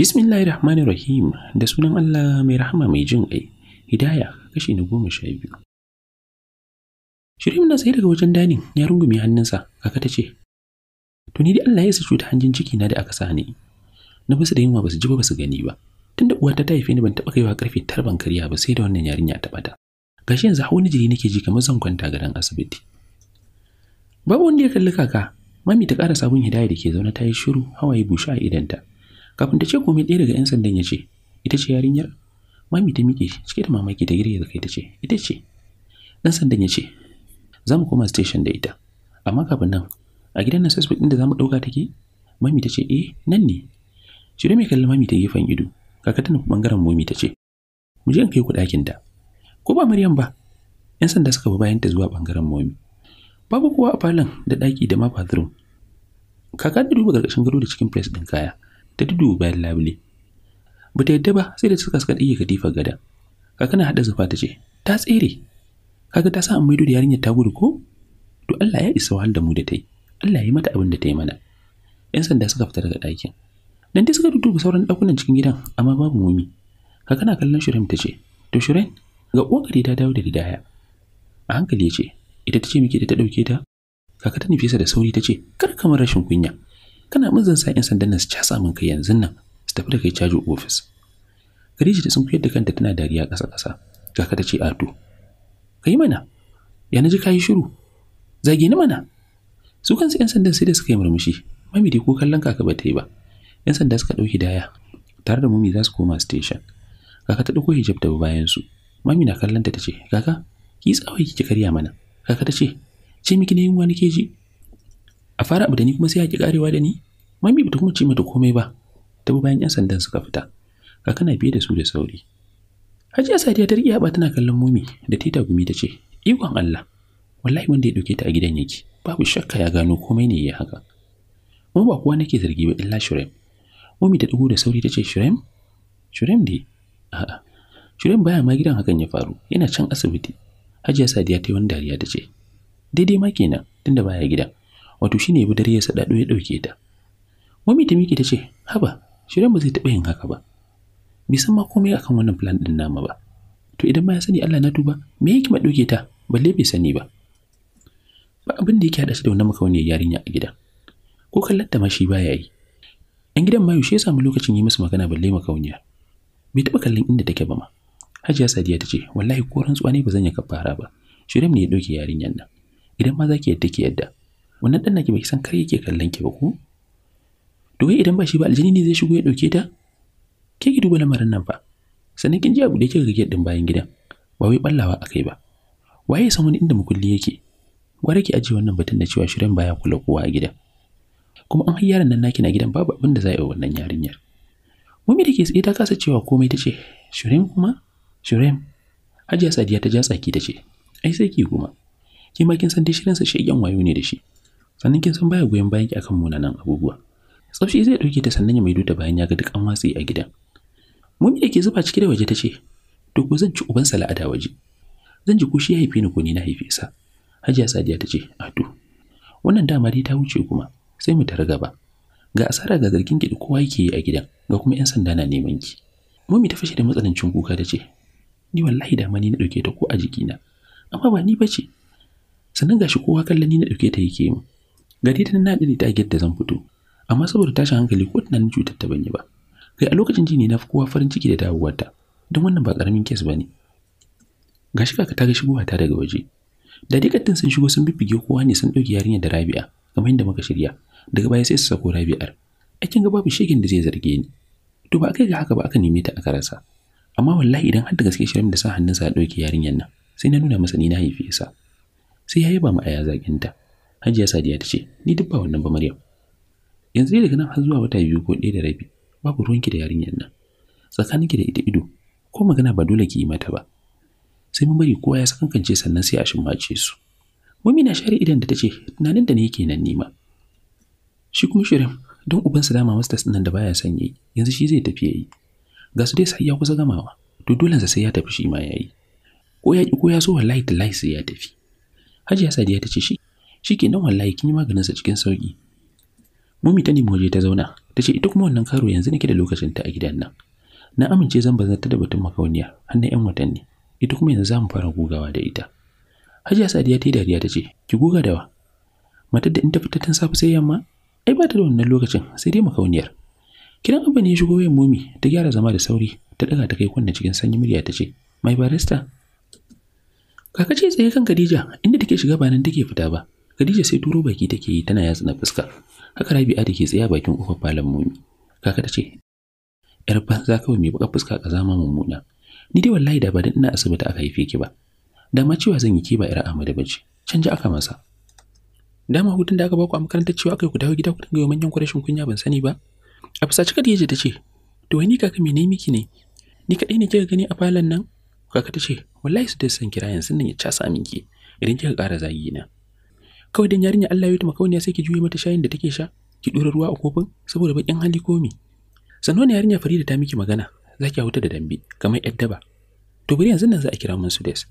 Bismillahi Rahmanir Rahim da sunan Allah mai rahama mai jin ƙai, Hidaya kashi na goma sha biyu. Shirin na sai daga wajen danin ya rungume hannunsa, kaka ta ce, To ni dai Allah ya sa cuta hanjin ciki na da aka sa ni. Na basu da yunwa basu ji ba basu gani ba. Tunda uwa ta haife ni ban taɓa kaiwa karfe tarban kariya karya ba sai da wannan yarinya ta bata. gashi yanzu hawan jiri nake ji kamar zan kwanta gadon asibiti babu wanda ya kalli kaka mami ta ƙara sabon hidaya da ke zaune ta yi shiru hawaye bushe a idanta kafin ta ce komai ɗaya daga 'yan sandan ya ce ita ce yarinyar mami ta miƙe cike da mamaki ta da kai ta ce ita ce ɗan sandan ya ce za mu koma station da ita amma kafin nan a gidan nan suspect ɗin da za mu ɗauka take mami ta ce eh nan ne shirya mai kalli mami ta gefen ido kaka tana ɓangaren momi ta ce mu je in kai ku ɗakin ta ko ba Maryam ba yan sanda suka bi bayan ta zuwa bangaren momi babu kowa a falon da ɗaki da ma bathroom kaka ta duba gargashin gado da cikin press din kaya ta dudu bayan labule ba ta yadda ba sai da suka suka ɗige katifar gada kaka na haɗa zufa ta ce ta tsere kaga ta sa an maido da yarinyar ta gudu ko to Allah ya isa wahal da mu da ta yi Allah ya yi mata abin da ta yi mana yan sanda suka fita daga ɗakin nan dai suka duduba sauran ɗakunan cikin gidan amma babu momi kakana kallon shirin ta ce to shirin ga kokari ta dawo da ridaya a hankali ya ce ita ta ce miki da ta dauke ta kaka ta nufesa da sauri ta ce kar kamar rashin kunya kana zan sa 'yan sandan nan su casa min kai yanzu nan su tafi da kai caji ofis Khadija ta sunkuyar da kanta tana dariya ƙasa ƙasa kaka ta ce ato kai mana ya na naji kayi shiru zage ni mana su kansu 'yan sandan sai da suka yi murmushi mami dai ko kallon kaka ba ta yi ba 'yan sanda suka ɗauki daya tare da mumi za su koma station kaka ta ɗauko hijab da bayan su mami na kallon ta tace kaka ki tsawai ki karya mana kaka ta ce miki ne yunwa nake ji a fara abu da ni kuma sai ya ki karewa da ni mami bata kuma ce mata komai ba ta bi bayan yan sandan suka fita kaka na biye da su da sauri Hajiya Sadiya ta riƙe haɓa tana kallon Mumi da Tita Gumi ta ce, Ikon Allah, wallahi wanda ya ɗauke ta a gidan yake, babu shakka ya gano komai ne ya haka. Mu ba kowa nake zargi ba illa Shurem. Mumi ta dugo da sauri ta ce, Shurem? Shurem dai, a'a, shirin baya ma gidan hakan ya faru yana can asibiti hajiya sadiya ta yi wani dariya ta ce daidai ma kenan tunda baya gida wato shine ya bi dare ya sadado ya dauke ta mami ta miki ta ce haba shirin ba zai taɓa yin haka ba bai san ma komai akan wannan plan din nama ba to idan ma ya sani Allah na duba me yake ma dauke ta balle bai sani ba ba abin da yake hada shi da wannan makauniyar yarinya a gidan ko kallon ta ma shi baya yi ‘yan gidan ma yaushe ya samu lokacin yi musu magana balle makauniya bai taɓa kallon inda take ba ma Hajiya Sadiya ta ce, "Wallahi ko rantsuwa ne ba zan yi kafara ba. Shirim ne ya doke yarinyar nan. Idan ma za ki yadda ki yadda. Wannan dan naki bai san kar yake kallon ki ba ko?" To idan ba shi ba aljini ne zai shigo ya dauke ta? Ke ki duba lamarin nan fa. Sannan kin ji abu da yake rage din bayan gidan. Ba wai ballawa akai ba. Waye san wani inda mukulli yake? Gwara ki ajiye wannan batun da cewa Shirim baya kula kowa a gidan. Kuma an har yaran nan naki na gidan babu abin da za a yi wannan yarinyar. Mummy da ke tsaye ta kasa cewa komai ta ce, "Shirin kuma?" Shirem, Hajiya Sadiya ta ja tsaki ta ce, "Ai sai ki kuma. Ki ma kin san dai shi yan wayo ne da shi. Sannan kin san baya goyon bayan ki akan munanan abubuwa. Tsafshi zai dauke ta sannan ya mai ta bayan ya ga duk a gidan. Mummy da ke zuba ciki da waje ta ce, "To ko zan ci uban sa la'ada waje. Zan ji ko ya haife ni ko ni na haife sa." Hajiya Sadiya ta ce, "A to. Wannan dama dai ta wuce kuma, sai mu tare gaba. Ga asara ga zargin ki da kowa yake yi a gidan, ga kuma 'yan sanda na neman ki." Mummy ta fashe da matsanancin kuka ta ce, ni wallahi da mani na dauke ta ko a jikina amma ba ni bace. sanan sannan gashi kowa kallon ni na ɗauke ta yake mu gari ta na ɗari ta da zan fito amma saboda tashin hankali ko tunanin cutar ta yi ba kai a lokacin jini na fi kowa farin ciki da dawowar ta don wannan ba karamin kes ba ne gashi kaka ta ga shigowa ta daga waje da dikattin sun shigo sun bibbige kowa ne sun dauki yarinya da rabi'a kamar yadda muka shirya daga baya sai su sako rabi'ar akin ga babu shegin da zai zarge ni to ba kai ga haka ba aka neme ta aka rasa amma wallahi idan har da gaske shirin da sa hannunsa ya ɗauki yarinyar nan sai na nuna masa ni na haife sa sai ya yaba ma aya zaginta hajiya sadiya ta ce ni duk ba wannan ba maryam yanzu dai daga nan har zuwa wata biyu ko ɗaya da rabi babu ruwanki da yarinyar nan tsakaninki da ita ido ko magana ba dole ki yi mata ba sai mun bari kowa ya sakankance sannan sai a shimmace su mummi na share idan da ta ce tunanin da ne yake nan nima shi kuma shirin don ubansa dama masta nan da baya son yi yanzu shi zai tafi yayi ga su dai sai ya kusa gamawa to dole sai ya tafi shi ma yayi ko ya ko ya so wallahi lai sai ya tafi hajiya sadiya ta ce shi nan wallahi kin yi maganin sa cikin sauki mummy ta nemi waje ta zauna ta ce ita kuma wannan karo yanzu nake da lokacin ta a gidan nan na amince zan bazan ta da batun makauniya har na 'yan watanni ita kuma yanzu za mu fara gugawa da ita hajiya sadiya ta yi dariya ta ce ki guga dawa matar da in ta fita tun safe sai yamma ai ba ta da wannan lokacin sai dai makauniyar Kiran abba ne ya shigo wayan momi ta gyara zama da sauri ta daga ta kai kunna cikin sanyi murya ta ce, Mai barista? Kaka ce tsaye kan Khadija inda take shiga ba nan take fita ba. Khadija sai turo baki take yi tana yatsa na fuska. Haka Rabi'a da ke tsaye bakin kofar falon momi. Kaka ta ce, ‘Yar banza kawai mai baka fuska ka zama mummuna. Ni dai wallahi da ba dan ina asibiti aka haife ki ba. Dama cewa zan yi ke ba Amadu Ahmadu bace. Canja aka masa. Dama hutun da aka baku a makarantar cewa aka yi ku dawo gida ku dinga yi manyan kunya ban sani ba. a fusaci Khadija ta ce to wani kaka me miki ne ni kaɗai ne kika gani a falon nan kaka ta ce wallahi su da san kira yanzu nan ya casa ki, idan kika ƙara zagi na kawai dan yarinya Allah ya yi ta makauniya sai ki juye mata shayin da take sha ki dora ruwa a kofin saboda bakin hali komi sannan ne yarinya Farida ta miki magana za ki hauta da dambe kamar yar daba to bari yanzu nan za a kira mun su des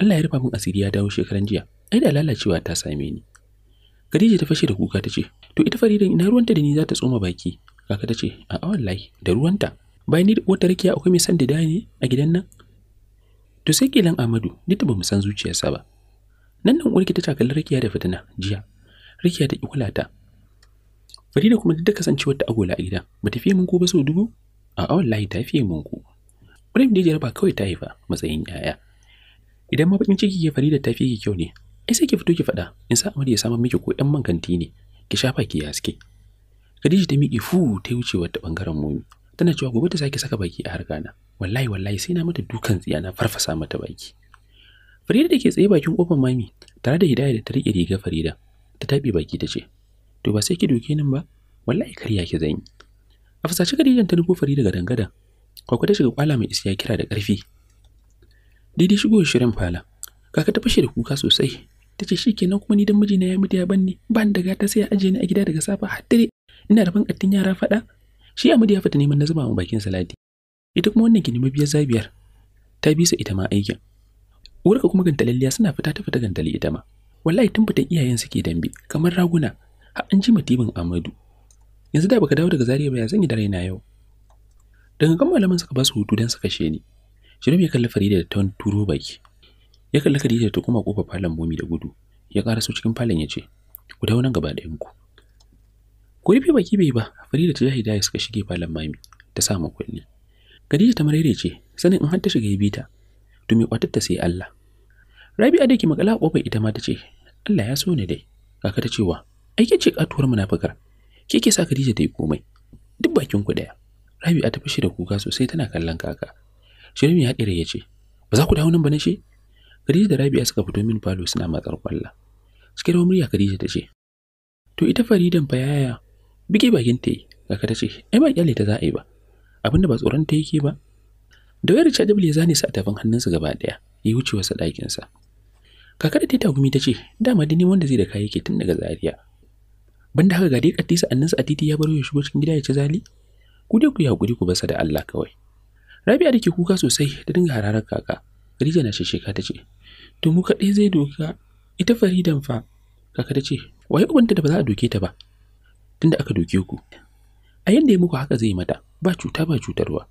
Allah ya rufa mun asiri ya dawo shekaran jiya ai da lalacewa ta same ni Khadija ta fashe da kuka ta ce to ita Farida ina ruwanta da ni za ta tsoma baki kaka ta ce a wallahi da ruwanta bayan ni da wata rakiya akwai mai san da ne a gidan nan to sai kilan amadu duk ba mu san zuciyarsa ba nan nan uwarki ta takalli rakiya da fitina jiya rakiya ta kula ta farida kuma duk da kasancewar ta agola a gidan ba ta fiye mun ko ba so dubu a wallahi ta fiye mun ko Ibrahim da jaraba kawai ta haifa matsayin yaya idan ma bakin ciki ke farida ta fiye kyau ne ai sai ki fito ki faɗa in sa amadu ya samar miki ko ɗan man kanti ne ki shafa ki yaske Khadija ta miƙe fu ta wuce wata bangaren momi. Tana cewa gobe ta sake saka baki a na, Wallahi wallahi sai na mata dukan tsiya na farfasa mata baki. Farida da ke tsaye bakin kofar mami tare da Hidaya da ta riƙe riga Farida ta taɓe baki ta ce to ba sai ki doke nan ba wallahi karya ki zan yi. A fasashi Khadija ta nufo Farida ga dangada. Kwakwa ta shiga kwala mai isiya kira da ƙarfi. Daidai shigo shirin fala. Kaka ta fashe da kuka sosai ta ce shi kenan kuma ni dan mijina ya mutu ya Ba ban da gata sai ya ajiye ni a gida daga safa har dare ina da fankattun yara faɗa shi Amadu ya fita neman na zuba mu bakin salati ita kuma wannan kinima biyar zabiyar ta bisa ita ma aikin Urka kuma gantalalliya suna fita ta fita gantali ita ma wallahi tun fitan iyayen suke dambe kamar raguna har an ji matibin Amadu yanzu da baka dawo daga Zariya ba ya zan yi da raina yau daga kan malaman suka ba su hutu dan su kashe ni Shirin ya kalli Farida da tawon turo baki ya kalli Khadija ta kuma kofa falon bomi da gudu ya ƙara su cikin falon ya ce ku dawo nan gaba ɗayan ku ko rufe baki bai ba farida ta jahida suka shige falon mami ta samu kunni Khadija ta marere ce sanin in har ta shiga bita to me kwatatta sai Allah Rabi'a da ke makala kofar ita ma ta ce Allah ya so ne dai kaka ta cewa ai kike ce katuwar munafikar. ke ke sa Khadija ta yi komai duk bakin ku daya Rabi'a ta fashi da kuka sosai tana kallon kaka Shirmi ya dire ya ba za ku dawo nan ba ne shi Khadija da Rabi'a suka fito min falo suna matsar kwalla cikin murya Khadija ta ce to ita Faridan fa yaya bige bakin ta yi kaka ta ce ai ba kyale ta za a yi ba abinda ba tsoron ta yake ba da wayar chargeable ya zane sa a tafin hannunsa gaba daya ya wuce wasa dakin sa kaka da ta tagumi ta ce dama dani wanda zai da kai yake tun daga Zariya. banda haka ga dai kattisa annansa a titi ya baro ya shigo cikin gida ya ci zali ku dai ku yi hakuri ku basa da Allah kawai Rabi'a da ke kuka sosai ta dinga hararar kaka. Khadija na shesheka ta ce, To mu kaɗai zai doka, ita Faridan fa, kaka ta ce, Waye ubanta da ba za a doke ta ba, tunda aka doke ku a yanda ya muku haka zai mata ba cuta ba cutarwa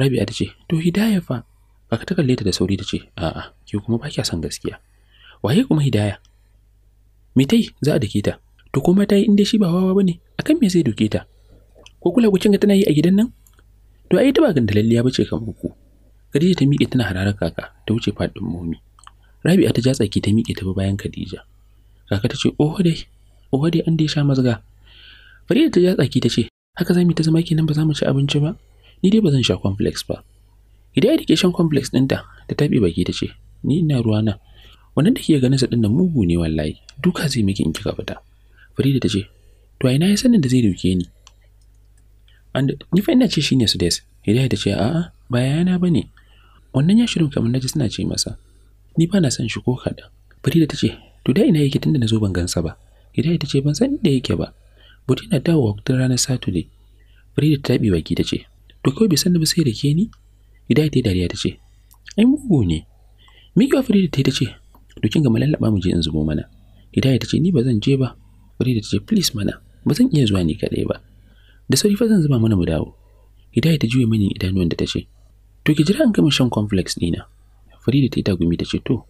rabi'a ta ce to hidaya fa kaka ta kalle ta da sauri ta ce a'a ke kuma ba kya son gaskiya waye kuma hidaya me tai za a dake ta to kuma ta inda shi ba wawa bane akan me zai doke ta ko kula kucin ga tana yi a gidan nan to ai ta ba lalliya bace kamar ku Kadija ta miƙe tana hararar kaka ta wuce faɗin momi Rabi'a ta ja tsaki ta miƙe ta bayan Khadija kaka ta ce oho dai oho dai an dai sha mazga Farida ta ja tsaki ta ce, haka za mu ta zama kenan ba za mu ci abinci ba? Ni dai bazan sha complex ba. Idan da ke shan complex ɗinta ta taɓe baki ta ce, ni ina ruwa na. Wannan da ke ganin sa din nan mugu ne wallahi, duka zai miki in kika fita. Farida ta ce, to a ina ya sanin da zai duke ni? And ni fa ina ce shine su des. Hidaya ta ce, a'a, ba yana ba ne. Wannan ya shirin kamar naji suna ce masa, ni ba na son shi ko kada." Farida ta ce, to da ina yake tunda na zo ban gansa ba. Hidaya ta ce, ban san inda yake ba. Bodi na dawowa tun ranar Saturday. Farida ta taɓi baki ta ce, To kawai bai san da ba sai da ke ni? Hidaya ta yi dariya ta ce, Ai mugu ne. Mikiwa Farida ta yi ta ce, To kin ga mu je in zubo mana. Hidaya ta ce, Ni ba zan je ba. Farida ta ce, Please mana, ba zan iya zuwa ni kaɗai ba. Da sauri fa zan zuba mana mu dawo. Hidaya ta juya mini idanuwan da ta ce, To ki jira an gama shan complex ɗina. Farida ta yi gumi ta ce, To,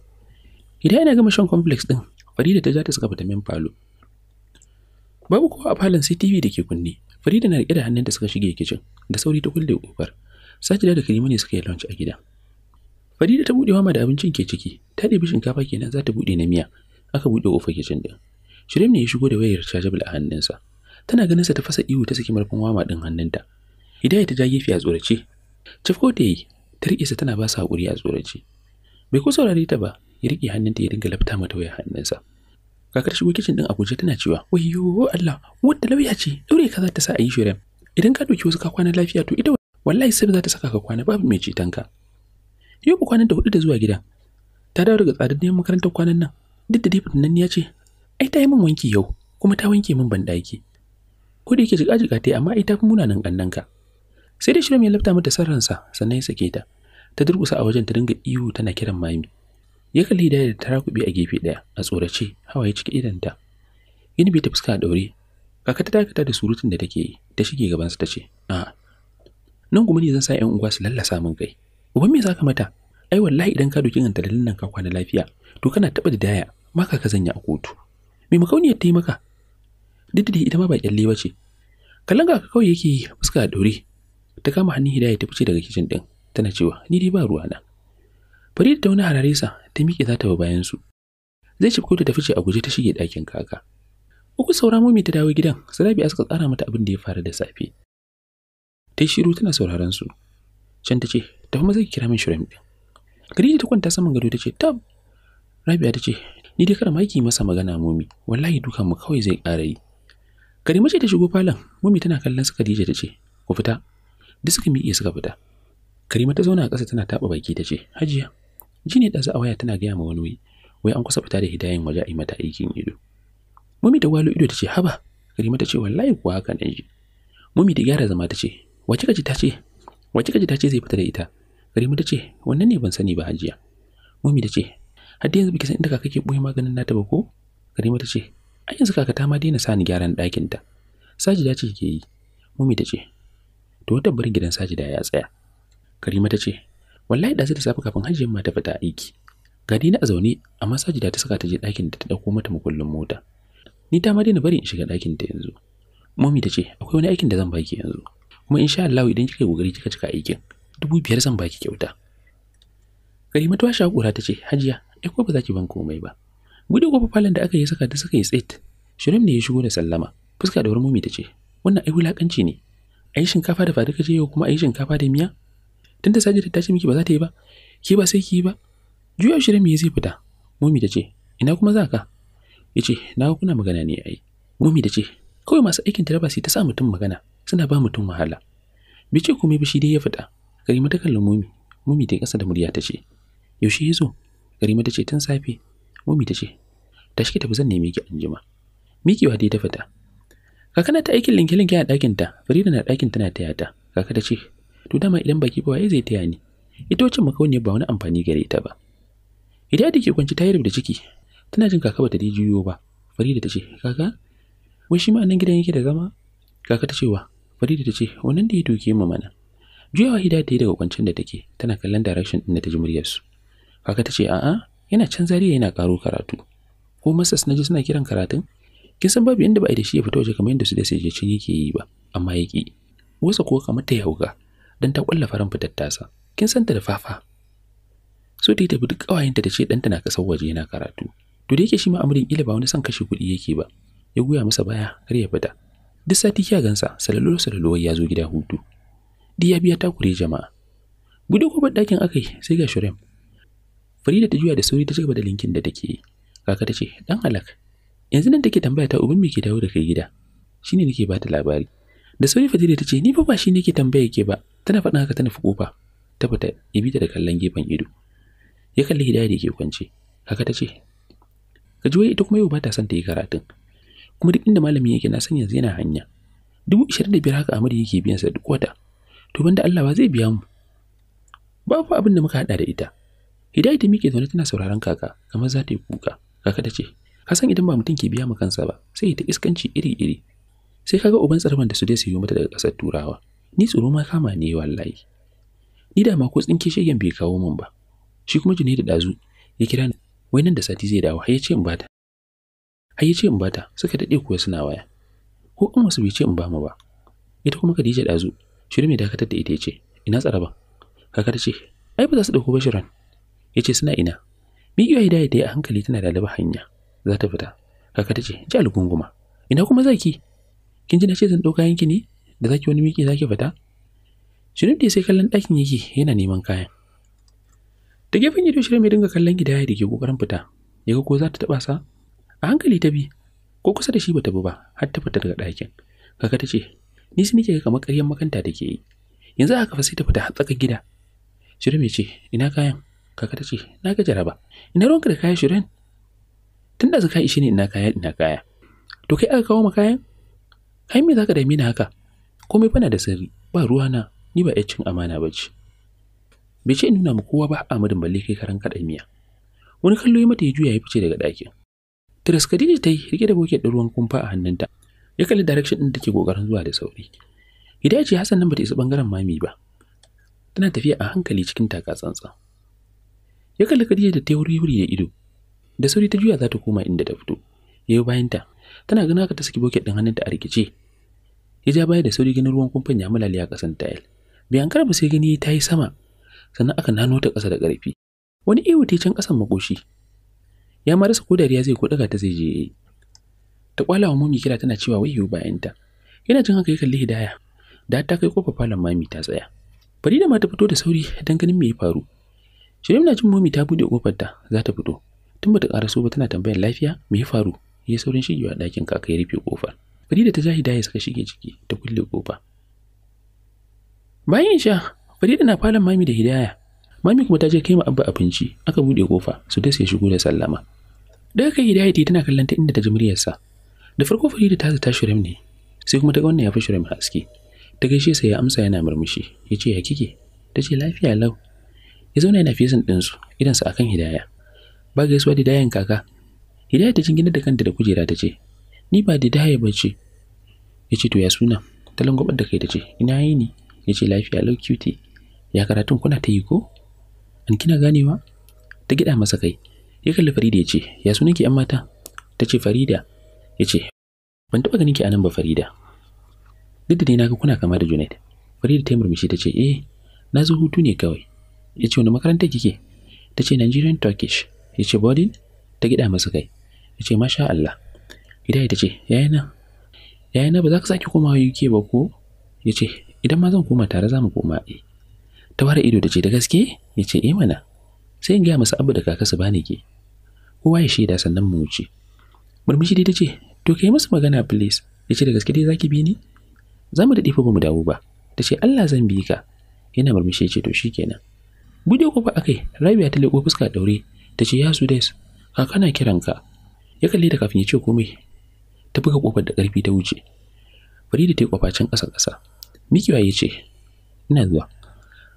Hidaya na gama shan complex ɗin, Farida ta za ta saka fitamin falo. Babu kowa a falon sai TV da ke kunne. Farida na riƙe da hannun da suka shige kicin da sauri ta kulle kofar. Sajida da Karima ne suka yi lunch a gida. Farida ta buɗe mama da abincin ke ciki. Ta ɗebi shinkafa kenan za ta buɗe na miya. Aka buɗe kofar kicin din. Shirim ne ya shigo da wayar chargeable a hannunsa. Tana ganin sa ta fasa ihu ta saki marfin wama din hannunta. Hidaya ta ja gefe a tsorace. Chief ta yi, ta riƙe sa tana ba sa haƙuri a tsorace. Bai ko saurare ta ba, ya riƙe hannunta ya dinga lafta mata wayar hannunsa. kakar shigo kicin din Abuja tana cewa wayyo Allah wadda lauya ce dore ka za ta sa a yi shirin idan ka dauki wasu ka kwana lafiya to ita wallahi sai za ta saka ka kwana babu mai citan ka yau ba kwanan da hudu da zuwa gida ta dawo daga tsadar neman makarantar kwanan nan duk da David nan ya ce ai ta yi min wanki yau kuma ta wanke min bandaki ko da yake jika jika ta amma ita kuma munanan kannanka sai dai shirin ya lafta mata sarransa sannan ya sake ta ta durkusa a wajen ta dinga iyo tana kiran mami ya kalli da ta a gefe ɗaya a tsorace hawa ya cike idanta gini bai ta fuska a ɗaure kaka ta dakata da surutun da take yi ta shige gabansa ta ce a nan gumi ne zan sa 'yan uwa su lallasa min kai uban me zaka mata ai wallahi idan ka doki ganta dalilin nan ka kwana lafiya to kana taɓa da daya ma ka zanya a kotu me makauniyar ta yi maka duk da ita ma ba kyalle ba ce kallon ga kawai yake fuska a ɗaure ta kama hannun hidaya ta fice daga kicin ɗin tana cewa ni dai ba ruwa na Farida ta wani hararesa ta miƙe za ta bi bayan su. Zai cifko ta tafi ce a guje ta shige ɗakin kaka. Uku saura momi ta dawo gidan, Sarabi suka tsara mata abin da ya faru da safe. Ta yi shiru tana sauraron su. Can ta ce, ta maza ki kira min shirin ɗin. Khadija ta kwanta saman gado ta ce, tab. Rabia ta ce, ni dai kada ma masa magana momi, wallahi dukan mu kawai zai ƙara yi. Karima ce ta shigo falon, Mumi tana kallon su Khadija ta ce, ku fita. Duk suka miƙe suka fita. Karima ta zauna a ƙasa tana taɓa baki ta ce, hajiya, jini da ɗazu a waya tana gaya ma wani wai, wai an kusa fita da hidayen waje a yi mata aikin ido. Mumi da walo ido ta haba, Karima ta ce wallahi kuwa haka ne ji. Mumi da gyara zama tace ce, wace kaji ta ce, wace kaji ta zai fita da ita. Karima ta ce, wannan ne ban sani ba hajiya. Mumi ta ce, har yanzu biki san inda kaka ke boye maganin nata ba ko? Karima ta ce, yanzu kaka ta ma daina sani gyaran ɗakin ta. Sajida ce ke yi. Mumi ta to wata gidan Sajida ya tsaya. Karima ta ce, wallahi da da safe kafin hajjin ma ta fita aiki gani na zaune a masaji da ta saka ta je ɗakin da ta ɗauko mata makullin mota ni ta ma daina bari in shiga ɗakin ta yanzu mami ta ce akwai wani aikin da zan baki yanzu kuma insha Allah idan kika yi kokari kika cika aikin dubu biyar zan baki kyauta Karima ta washe kura ta ce hajiya ai ko ba za ki ban komai ba gudu ko falon da aka yi saka ta saka yi tsit shirin ne ya shigo da sallama fuska da mumi ta ce wannan ai wulakanci ne ai shinkafa da fadika ce yau kuma ai shinkafa da miya tun da sajida ta ce miki ba za ta yi ba ki ba sai ki yi ba juya shirin me zai fita mumi ta ce ina kuma za ka ya ce na kuna magana ne ai mumi ta ce kawai masu aikin ta rabasi ta sa mutum magana suna ba mutum wahala bai ce komai ba shi dai ya fita Garima ta kallon mumi mumi ta kasa da murya ta ce yaushe ya zo Garima ta ce tun safe mumi ta ce tashi ki tafi zan nemi ki anjima wa dai ta fita kakana ta aikin linke-linke a ɗakinta farida na ɗakin tana taya ta kaka ta ce to dama idan baki ba waye zai taya ni ita wacce makauniyar ba wani amfani gare ta ba ita da ke kwanci tayar da ciki tana jin kaka bata dai juyo ba farida ta ce kaka wai shi ma nan gidan yake da zama kaka ta cewa farida ta ce wannan da ya doke mu mana juyawa hidaya ta yi daga kwancin da take tana kallon direction din da ta ji muryarsu kaka ta ce a'a yana can zariya yana karo karatu ko masas na ji suna kiran karatun kin san babu inda ba a da shi ya fito waje kamar yadda su da sai je can yake yi ba amma ya ki wasa ko kamar ta yauga don ta ƙwalla farin fitattasa. kin san ta da fafa so ta yi tafi duk ƙawayenta da ce ɗanta na kasar waje yana karatu to da yake shi ma Ila ƙila ba wani son kashe kuɗi yake ba ya guya masa baya har ya fita duk sati kiya gansa salalo salalo ya zo gida hutu di ya biya takure jama'a gudu ban ɗakin aka yi sai ga shurem farida ta juya da sauri ta cigaba da linkin da take yi kaka ta ce ɗan halak yanzu nan take tambaya ta ubin me ke dawo da kai gida shine nake ba ta labari da sauri fadila ta ce ni fa ba shi nake tambaya ke ba tana faɗin haka ta nufi ƙofa. ta fita ya bi ta da kallon gefen ido ya kalli hidaya da ke kwance haka ta ce ka ita kuma yau ba ta son ta yi karatun kuma duk inda malami yake na san yanzu yana hanya dubu ishirin da biyar haka amadu yake biyan sa duk wata to banda Allah ba zai biya mu babu abin da muka hada da ita hidaya ta miƙe zaune tana sauraron kaka kamar za ta yi kuka kaka ta ce ka san idan ba mutum ke biya ma kansa ba sai ta iskanci iri-iri sai kaga uban tsarfan da su dai su yi mata daga ƙasar turawa ni tsoro ma kama ne wallahi ni da ma ko tsinke shegen bai kawo min ba shi kuma da dazu ya kira ni wai nan da sati zai dawo har yace in bata har yace in bata suka dade kuwa suna waya ko in wasu bai ce in ba mu ba ita kuma Khadija dazu shirin mai dakatar da ita yace ina tsaraba kaka ta ce ai ba za su dauko ba ya ce suna ina iya hidaya ya a hankali tana da laba hanya za ta fita kaka ta ce ji algunguma ina kuma zaki kin ji na ce zan dauka yanki ne da zaki wani miƙe zaki fita shirin da sai kallon ɗakin yake yana neman kayan da gefen gidan shirin mai dinga kallon gida da ke kokarin fita ya ga ko za ta taɓa sa a hankali ta bi ko kusa da shi bata bi ba har ta fita daga ɗakin kaka ta ce ni su nake kamar ƙaryan makanta da ke yi yanzu aka fa sai ta fita tsakar gida shirin ya ce ina kayan kaka ta ce na ga jaraba ina ruwanka da kayan shirin tun da zaka ishe ni ina kaya ina kaya to kai aka kawo ma kayan kai me zaka dame ni haka komai bana da sirri ba ruwa na, ni ba cin amana ba ce bai ce nuna mu kowa ba amadu balle kai karan kaɗa miya wani kallo ya mata ya juya ya fice daga ɗakin Tiras Khadija ta yi rike da bokit ɗin ruwan kumfa a hannunta ya kalli direction ɗin ke kokarin zuwa da sauri Hidaya ce Hassan nan bata isa bangaren mami ba tana tafiya a hankali cikin taka tsantsan ya kalli Khadija da ta wuri da ido da sauri ta juya za ta koma inda ta fito yayi bayan ta tana ganin haka ta saki boket ɗin hannunta a rikice ya ja baya da sauri ganin ruwan kumfan ya malale a ƙasan tayal. biyan an sai gani ta yi sama sannan aka nano ta ƙasa da ƙarfi wani iwu ta can ƙasan makoshi ya ma rasa ko dariya zai ko ɗaga ta zai je ya yi. ta ƙwala wa mami kira tana cewa wai bayanta yana jin haka ya kalli hidaya da ta kai kofar falon mami ta tsaya Farida ma ta fito da sauri don ganin me ya faru. Shirin na jin momi ta buɗe kofar ta za ta fito. Tun bata ƙara so ba tana tambayar lafiya me ya faru. Ya saurin shigewa ɗakin kaka ya rufe kofar. Farida ta ja hidaya suka shige ciki ta kulle kofa. Bayan sha, Farida na falon mami da Hidaya. Mami kuma ta je kai ma abba abinci, aka bude kofa, su ta sai shigo da sallama. Daga kai Hidaya ta tana kallon inda ta ji muryarsa. Da farko Farida ta zata shirim ne, sai kuma ta ga wannan ya fi shirim haske. Ta gaishe sa ya amsa yana murmushi, ya ce ya kike? Ta ce lafiya lau. Ya zauna yana fesin ɗinsu, idansa akan Hidaya. Ba gaisuwa da dayan kaka, Hidaya ta jingina da kanta da kujera ta ce, ni ba dai-dai ba ce ya ce to ya suna ta gobar da kai ta ce ina yi ne ya ce lafiya lau cutie ya karatun kuna ta yi ko an kina ganewa ta gida masa kai ya kalli farida ya ce ya suna ki yan mata ta ce farida ya ce ban taɓa ganin ki anan ba farida duk da dai naga kuna kama da junaid farida ta murmushi ta ce eh na zo hutu ne kawai ya ce wani makaranta kike ta ce nigerian turkish ya ce boarding ta gida masa kai ya ce masha allah gida ita ce, "Yayana, yayana ba za ka sake komawa UK ba ko?" Ya ce, "Idan ma zan koma tare za mu koma." Ta ware ido da ce, "Da gaske?" Ya ce, "Eh mana." Sai in gaya masa abu da kaka su bani ke. Kowa ya shaida sannan mu wuce. Murmushi dai ta ce, "To kai masa magana please." Ya ce, "Da gaske dai zaki bi ni?" Za mu daɗe fa ba mu dawo ba. Ta ce, "Allah zan bi ka." Yana murmushi ya ce, "To shikenan." Bude kofa akai, rabiya ta leƙo fuska daure. Ta ce, "Ya Sudes, kaka na kiranka." Ya kalle ta kafin ya ce komai. ta buga kofar da ƙarfi ta wuce Farida ta yi kwafacin ƙasa ƙasa Mikiwa ya ce ina zuwa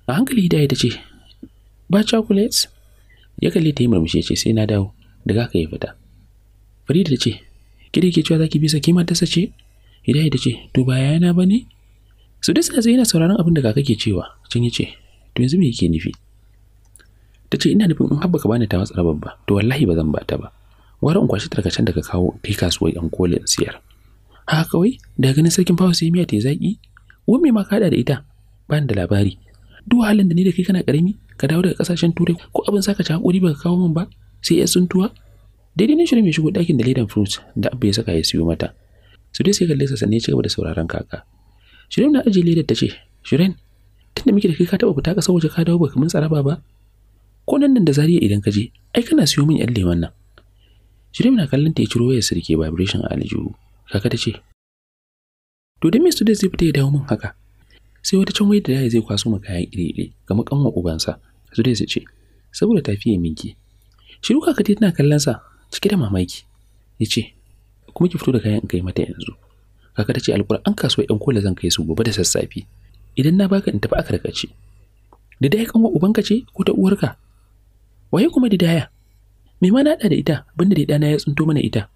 a hankali Hidaya ta ce ba chocolates ya kalle ta yi murmushi ce sai na dawo daga haka ya fita Farida ta ce ki da ke cewa za ki bisa kima ta sace Hidaya ta ce to ba yana ba ne su da suka zai yana sauraron abin da kaka ke cewa can ya ce to yanzu me yake nufi ta ce ina nufin in habba ka bani ta watsar babba to wallahi ba zan ba ta ba Gwara in kwashi can daga kawo kai kasuwa ‘yan kole in siyar. Haka kawai, Da ganin sarkin fawo sai miya ta zaki. wani ma ka da ita, ba da labari. Duk halin da ni da kai kana ƙarami, ka dawo daga ƙasashen turai ko abin saka ci haƙuri ba kawo min ba, sai ya tsuntuwa. Daidai na shirin mai shigo dakin da ledan fruit da abba ya saka ya siyo mata. Su dai sai kalle sa sanne ya ci gaba da sauraron kaka. Shirin na ajiye ledar ta ce, Shirin, tunda muke da kai ka taɓa fita ƙasar waje ka dawo baka mun tsaraba ba. Ko nan da zariya idan ka je, ai kana siyo min ‘yan leman nan. Shirim na kallon ta ya ciro wayar sirke vibration a aljihu. Kaka ta ce, To da me student zai fita ya dawo min haka? Sai wata can wayar da yaya zai kwaso maka kayan iri-iri ga makanwa ubansa. Student su ce, Saboda tafiya minki. Shiru kaka ta tana kallon sa cike da mamaki. Ya ce, Kuma ki fito da kayan in kai mata yanzu. Kaka ta ce an kasuwa 'yan kola zan kai su gobe da sassafe. Idan na baka in tafi aka rakace. Didaya kanwa ubanka ce ko ta uwarka? Waye kuma didaya? me ma na da ita abinda dai dana ya tsinto mana ita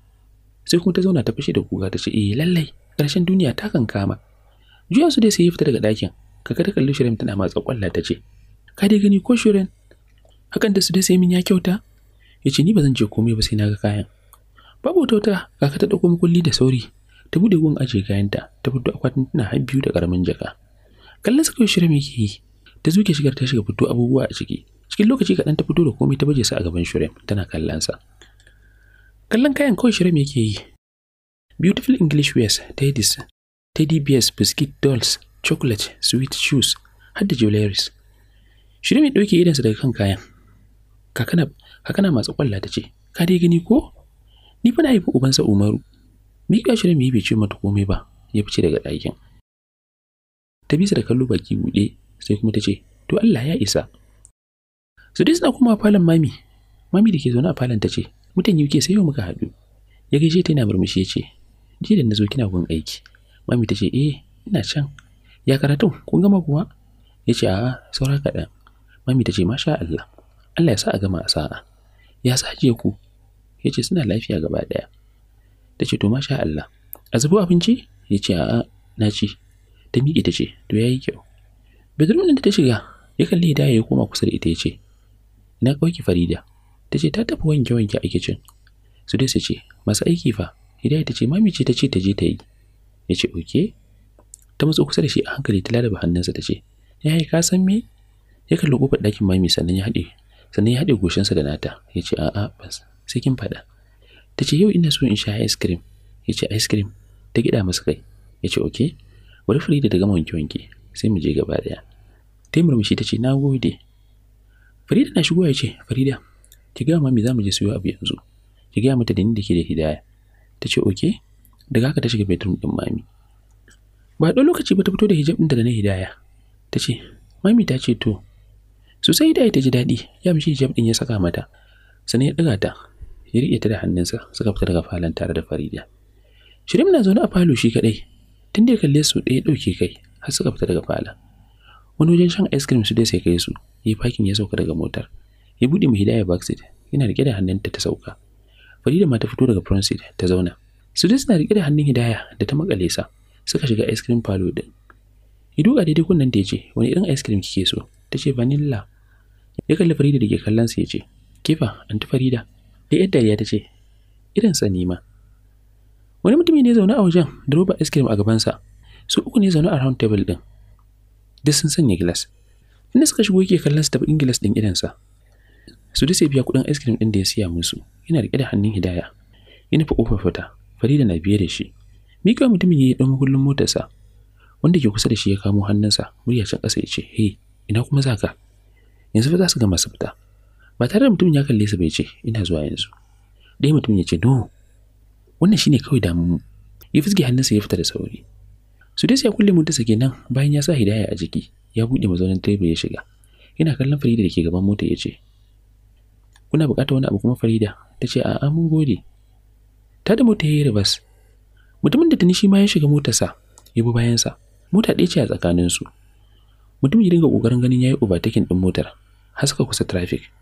sai kuma ta zauna ta fashe da kuka ta ce eh lallai ƙarshen duniya ta kan kama juya su dai sai ya fita daga ɗakin kaka ta kalli shirin tana matsa kwalla ta ce ka dai gani ko shirin hakan da su dai sai min ya kyauta ya ce ni ba zan je komai ba sai na ga kayan babu wata kaka ta ɗauko makulli da sauri ta buɗe gun ajiye kayanta ta fito akwatin tana har biyu da ƙaramin jaka kallon su kawai shirin yake yi ta zuke shigar ta shiga fito abubuwa a ciki cikin lokaci kaɗan ta fito da komai ta baje sa a gaban shirin tana kallon sa. Kallon kayan kawai me yake yi. Beautiful English wears, teddies, teddy bears, biscuit dolls, chocolate, sweet shoes, har da jewelries. Shirem ya ɗauke sa daga kan kayan. Kakana, kakana masu kwalla ta ce, Ka dai gani ko? Ni fa na haifi ubansa Umaru. ka shirin yi bai ce mata komai ba, ya fice daga ɗakin. Ta bisa da kallo baki buɗe, sai kuma ta ce, To Allah ya isa, su dai suna kuma falon mami mami da ke zaune a falon ta ce mutan UK sai yau muka haɗu ya gaishe ta yana murmushi ya ce jiya da na zo kina gun aiki mami ta ce eh ina can ya karatu kun gama kuwa ya ce a saura kaɗan mami ta ce masha Allah Allah ya sa a gama a sa'a ya je ku ya ce suna lafiya gaba ɗaya ta ce to masha Allah a zubo abinci ya ce a'a na ci ta miƙe ta ce to ya yi kyau bedroom ɗin da ta shiga ya kalli da ya koma kusa da ita ya ce Ina kauki Farida? Ta ce ta tafi wanke-wanke a kicin. Su dai ce, masu aiki fa, Hidaya ta ce mami ce ta ce ta je ta yi. Ya ce oke. Ta matso kusa da shi a hankali ta lalaba hannunsa ta ce, ya yi ka san me? Ya kalli kofar ɗakin mami sannan ya haɗe, sannan ya haɗe goshinsa da nata. Ya ce a'a bas, sai kin faɗa. Ta ce yau ina so in sha ice cream. Ya ce ice cream. Ta gida masa kai. Ya ce oke. Bari Farida ta gama wanke-wanke sai mu je gaba ɗaya. Ta yi murmushi ta ce na gode. Farida na shigo ya ce, Farida, ki gaya mami za mu je siyo abu yanzu. Ki gaya mata da ni da ke da hidaya. Ta ce, Oke, daga haka ta shiga bedroom ɗin mami. Ba ɗan lokaci ba ta fito da hijab ɗinta da na hidaya. Ta ce, Mami ta ce to. Sosai hidaya ta ji daɗi, ya mishi hijab din ya saka mata. Sannan ya daga ta, ya riƙe ta da hannunsa suka fita daga falon tare da Farida. Shirim na zaune a falo shi kaɗai, tun da ya kalle su ɗaya ɗauke kai har suka fita daga falon. Wani wajen shan ice cream su dai sai kai su, ya fakin ya sauka daga motar ya buɗe mu hidaya back seat yana rike da hannunta ta sauka Farida ma ta fito daga front seat ta zauna Su dai suna rike da hannun hidaya da ta makale sa suka shiga ice cream parlor din ya duka daidai kunnen da yace wani irin ice cream kike so ta ce vanilla ya kalli Farida da ke kallon sa ce. kifa anti Farida da yadda ya ta ce irin sa nima wani mutumi ne zaune a wajen da roba ice cream a gabansa su uku ne zaune a round table din duk sun sanya glass inda suka shigo yake kallon su tafi ingilas ɗin idansa su da sai biya kuɗin ice cream ɗin da ya siya musu yana riƙe da hannun hidaya ya nufa ƙofar fita farida na biye da shi mika mutumin ya yi ɗan kullum motarsa wanda ke kusa da shi ya kamo hannunsa murya can ƙasa ya ce he ina kuma za ka yanzu fa za su gama su fita ba tare da mutumin ya kalle su bai ce ina zuwa yanzu ɗaya mutumin ya ce no wannan shine kawai damun mu ya fizge hannunsa ya fita da sauri su dai sai kulle motarsa kenan bayan ya sa hidaya a jiki ya buɗe mazaunin tebur ya shiga yana kallon Farida da ke gaban mota ya ce kuna buƙatar wani abu kuma Farida ta ce a mun gode ta da mota yayi ribas mutumin da tuni shi ma ya shiga motarsa ya bi bayansa mota ɗaya ce a tsakaninsu mutum ya dinga ƙoƙarin ganin ya yi overtaking ɗin motar har suka kusa traffic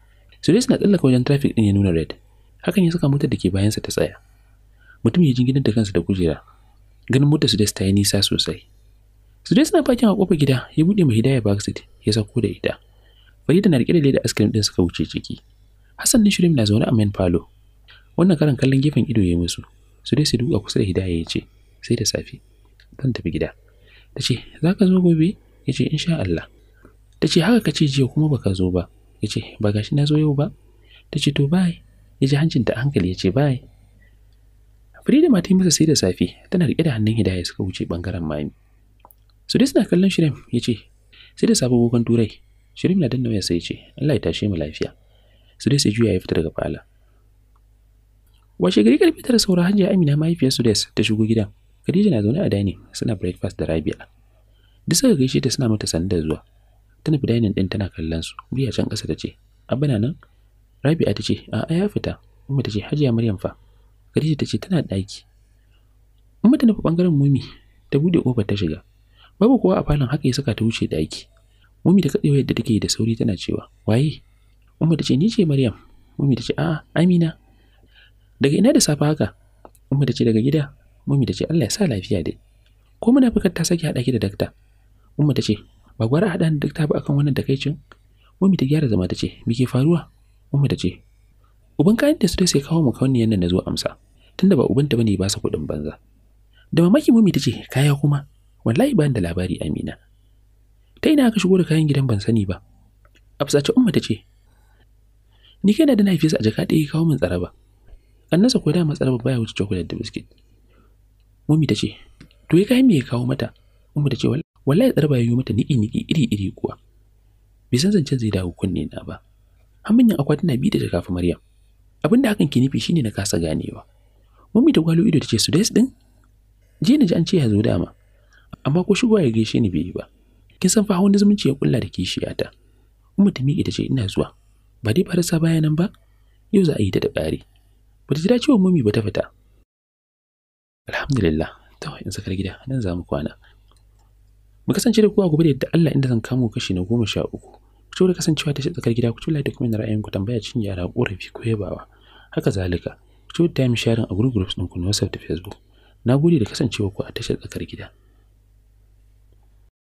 Suresh na tsallaka wajen traffic ɗin ya nuna red hakan ya saka motar da ke bayansa ta tsaya mutum ya jingina da kansa da kujera ganin motar su ta yi nisa sosai su dai suna fakin a kofar gida ya bude mai hidaya backseat ya sako da ita farida na rike da leda ice cream din suka wuce ciki hassan din shirin na zaune a main palo wannan karan kallon gefen ido ya musu su dai su duka kusa da hidaya ya ce sai da safe zan tafi gida ta ce za ka zo gobe ya ce insha Allah ta ce haka ka ce jiya kuma baka zo ba yace ce ba gashi na zo yau ba ta ce to bye." ya ji hancinta hankali ya ce bai Frida ma ta yi masa sai da safe tana riƙe da hannun Hidaya suka wuce bangaren Mami. su dai suna kallon shirim ya ce sai da sabon gogon turai shirim na danna wayarsa ya ce Allah ya tashe mu lafiya su dai sai juya ya fita daga fala washe gari karfe tara saura hajiya amina mahaifiyar su des ta shigo gidan khadija na zaune a dani suna breakfast da rabia duk suka gaishe ta suna mata sanda zuwa tana fi dainin din tana kallon su biya can kasa ta ce abana nan rabia ta ce a'a ya fita umma ta ce hajiya maryam fa khadija ta ce tana daki umma ta nufi ɓangaren mumi ta buɗe ƙofar ta shiga babu kowa a falon haka ya saka ta wuce daki mummy ta kadewa yadda take da sauri tana cewa waye umma tace ni ce maryam mummy tace a'a amina daga ina da safa haka umma tace daga gida mummy tace Allah ya sa lafiya dai ko munafikar ta saki hada ki da dakta umma tace ba gwara hada da dakta ba akan wannan takaicin mummy ta gyara zama tace me ke faruwa umma tace uban kayan da su sai kawo mu kauniyan na nazo amsa tunda ba ubanta bane ba sa kudin banza da mamaki mummy tace kaya kuma wallahi bayan da labari amina ta ina aka shigo da kayan gidan ban sani ba afsace umma ta ce ni kai na da na fesa a jaka ɗaya kawo min tsaraba annasa ko dama tsaraba baya wuce chocolate da biscuit mummy ta ce to ya kayan me ya kawo mata umma ta ce wallahi tsaraba ya yi mata niki niki iri iri kuwa bai san zancen zai dawo kunne na ba hamanyan akwatuna biyu da jaka fa maryam abin da hakan ke nufi shine na kasa ganewa mummy ta gwalo ido ta ce su dais din je ni ji an ce ya zo dama amma ko shigo ya gaishe ni bai yi ba kin san fa wani zumunci ya kulla da kishiyata umma ta miƙe ta ce ina zuwa ba dai sa baya nan ba yau za a yi ta da ƙari ba ta jira cewa mami ba ta fita alhamdulillah ta in sakar gida nan za mu kwana mu kasance da kowa gobe da yadda Allah inda zan kamo kashi na goma sha uku ku tura kasancewa ta tsakar gida ku cewa da kuma ra'ayinku tambaya cin yara korafi ko yabawa haka zalika ku tura yi sharing a group groups ɗinku na WhatsApp da Facebook na gode da kasancewa ku a tashar tsakar gida